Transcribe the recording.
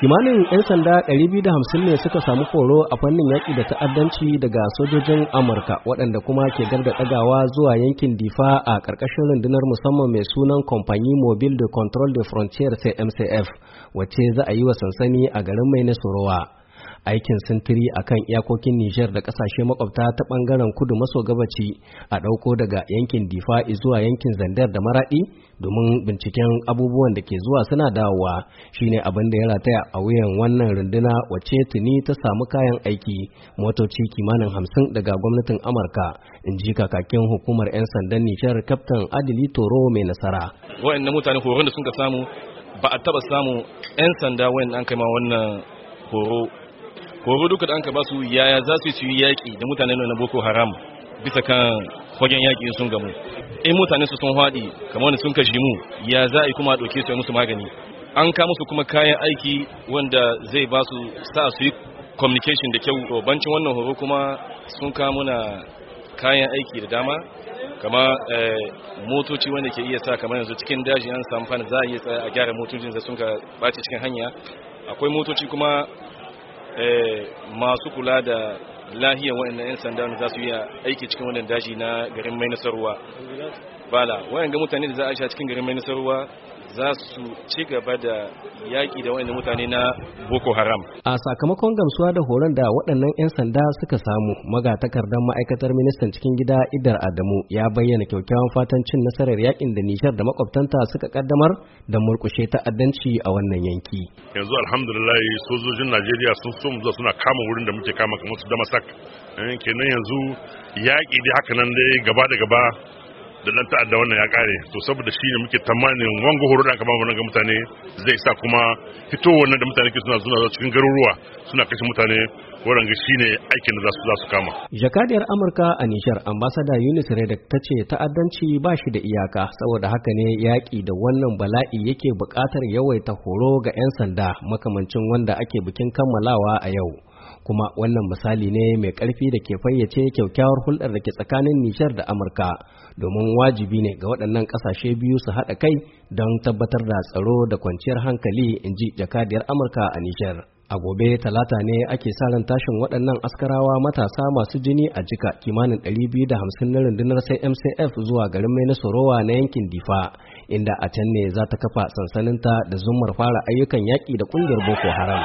kimanin 'yan sanda biyu da hamsin ne suka samu horo a fannin yaƙi da ta'addanci daga sojojin amurka waɗanda kuma ke gargaɗagawa zuwa yankin difa a ƙarƙashin rundunar musamman mai sunan Kompanyi mobile de control de frontier cmcf wacce za a yi wa sansani a garin mai nasorowa aikin sintiri a kan iyakokin Nijar da ƙasashe makwabta ta bangaren kudu maso gabaci a ɗauko daga yankin Difa zuwa yankin Zandar da Maraɗi domin binciken abubuwan da ke zuwa suna dawowa shine abin da ya rataya a wuyan wannan runduna wace tuni ta samu kayan aiki motoci kimanin hamsin daga gwamnatin Amurka in ji kakakin hukumar 'yan sandan Nijar Kaftan Adili Toro mai nasara. Wa'annan mutane horon da sun ka samu ba a taba samu 'yan sanda wayan an kai ma wannan horo horo duka da an ka ba su yaya za su yi yaƙi da mutane na boko haram bisa kan fagen yaƙi sun gamu in mutane su sun haɗi kamar sun kashi mu ya za a yi kuma ɗauke su musu magani an kama su kuma kayan aiki wanda zai ba su sa su yi communication da kyau bancin wannan horo kuma sun kama na kayan aiki da dama kama eh, motoci wanda ke iya sa kamar yanzu cikin daji an samu za a iya tsaya a gyara motocin da sun ka ɓace cikin hanya akwai motoci kuma Eh, masu kula da lahiyar waɗannan 'yan sanda za su yi aiki cikin wannan daji na garin mai nasarwa bala wayan mutane da za a sha cikin garin mai nasarwa za su ci gaba da yaƙi da wayan mutane na boko haram a sakamakon gamsuwa da horon da waɗannan 'yan sanda suka samu magatakardar ma'aikatar ministan cikin gida idar adamu ya bayyana kyaukyawan fatan cin nasarar yaƙin da nishar da makwabtanta suka kaddamar da murkushe ta'addanci a wannan yanki yanzu alhamdulillah sojojin najeriya sun so mu suna kama wurin da muke kama kamar su damasak eh, kenan yanzu yaƙi dai haka nan dai gaba da gaba da nan ta'adda wannan ya kare to saboda shi ne muke tamanin wanga horo da aka ba wannan ga mutane zai sa kuma fito wannan da mutane ke suna zuwa cikin garuruwa suna kashe mutane wannan shi ne aikin da za su kama jakadiyar amurka a nishar ambasada yunis redak ta ce ta'addanci ba shi da iyaka saboda haka ne yaƙi da wannan bala'i yake buƙatar yawaita horo ga 'yan sanda makamancin wanda ake bikin kammalawa a yau kuma wannan misali ne mai ƙarfi da ke fayyace kyaukyawar hulɗar da ke tsakanin Nijar da Amurka domin wajibi ne ga waɗannan ƙasashe biyu su haɗa kai don tabbatar da tsaro da kwanciyar hankali in ji jakadiyar Amurka a Nijar. A gobe talata ne ake sa ran tashin waɗannan askarawa matasa masu jini a jika kimanin 250 na rundunar sai MCF zuwa garin mai nasarowa na yankin Difa, inda a can ne za ta kafa sansaninta da zumar fara ayyukan yaƙi da ƙungiyar Boko Haram.